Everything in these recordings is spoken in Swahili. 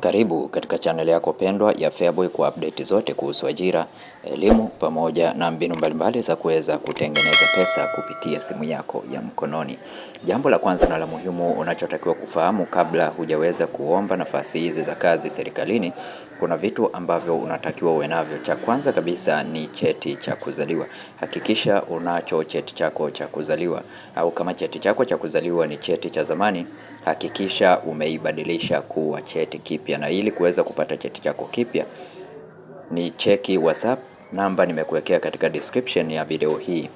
Karibu katika channel yako pendwa ya Feaboy kwa update zote kuhusu ajira, elimu pamoja na mbinu mbalimbali za kuweza kutengeneza pesa kupitia simu yako ya mkononi. Jambo la kwanza na la muhimu unachotakiwa kufahamu kabla hujaweza kuomba nafasi hizi za kazi serikalini, kuna vitu ambavyo unatakiwa uwe navyo. Cha kwanza kabisa ni cheti cha kuzaliwa. Hakikisha unacho cheti chako cha kuzaliwa, au kama cheti chako cha kuzaliwa ni cheti cha zamani hakikisha umeibadilisha kuwa cheti kipya, na ili kuweza kupata cheti chako kipya ni cheki WhatsApp namba nimekuwekea katika description ya video hii.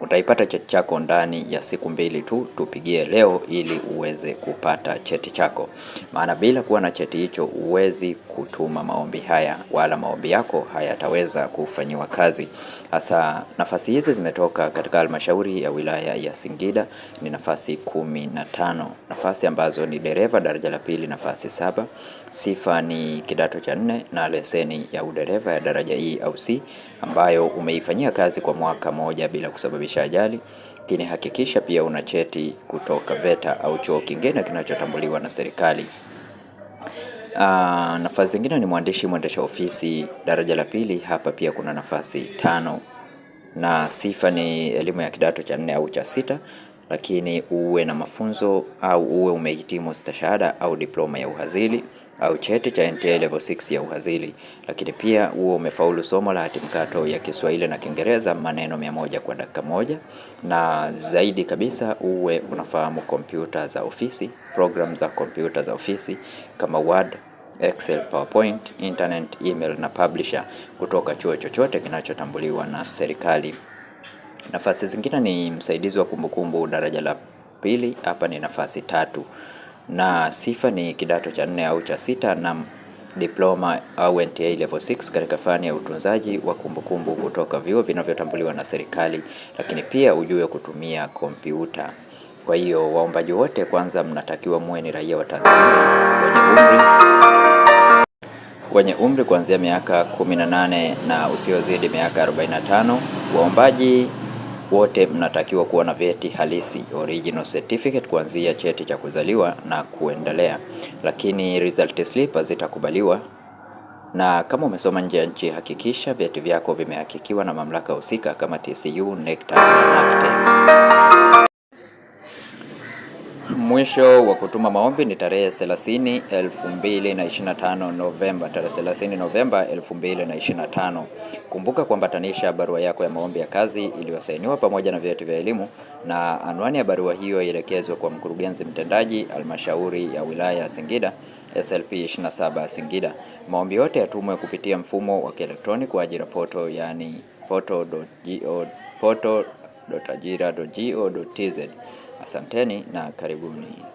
Utaipata cheti chako ndani ya siku mbili tu, tupigie leo ili uweze kupata cheti chako, maana bila kuwa na cheti hicho huwezi kutuma maombi haya wala maombi yako hayataweza kufanyiwa kazi. Hasa nafasi hizi zimetoka katika halmashauri ya wilaya ya Singida, ni nafasi kumi na tano, nafasi ambazo ni dereva daraja la pili nafasi saba, sifa ni kidato cha nne na leseni ya udereva ya daraja E au C ambayo umeifanyia kazi kwa mwaka moja bila kusababisha ajali, lakini hakikisha pia una cheti kutoka VETA au chuo kingine kinachotambuliwa na serikali. Aa, ah, nafasi zingine ni mwandishi mwendesha ofisi daraja la pili. Hapa pia kuna nafasi tano na sifa ni elimu ya kidato cha nne au cha sita, lakini uwe na mafunzo au uwe umehitimu stashahada au diploma ya uhazili au cheti cha NTA Level 6 ya uhazili, lakini pia huo umefaulu somo la hati mkato ya Kiswahili na Kiingereza maneno mia moja kwa dakika moja, na zaidi kabisa uwe unafahamu kompyuta za ofisi, program za kompyuta za ofisi kama Word, Excel, PowerPoint, internet, email na publisher kutoka chuo chochote kinachotambuliwa na serikali. Nafasi zingine ni msaidizi wa kumbukumbu daraja la pili, hapa ni nafasi tatu na sifa ni kidato cha nne au cha sita na diploma au NTA level 6 katika fani ya utunzaji wa kumbukumbu kutoka vyuo vinavyotambuliwa na serikali, lakini pia ujue kutumia kompyuta. Kwa hiyo waombaji wote, kwanza mnatakiwa muwe ni raia wa Tanzania wenye umri wenye umri kuanzia miaka 18 na usiozidi miaka 45. Waombaji wote mnatakiwa kuwa na vyeti halisi original certificate kuanzia cheti cha kuzaliwa na kuendelea, lakini result slip zitakubaliwa. Na kama umesoma nje ya nchi, hakikisha vyeti vyako vimehakikiwa na mamlaka husika kama TCU, NECTA na NACTE mwisho wa kutuma maombi ni tarehe 30 2025, Novemba, tarehe 30 Novemba 2025. Kumbuka kuambatanisha barua yako ya maombi ya kazi iliyosainiwa pamoja na vyeti vya elimu, na anwani ya barua hiyo ielekezwe kwa mkurugenzi mtendaji halmashauri ya wilaya ya Singida SLP 27 Singida. Maombi yote yatumwe kupitia mfumo wa kielektroniki wa yaani ajira poto, yani poto.go poto.ajira.go.tz Asanteni na karibuni.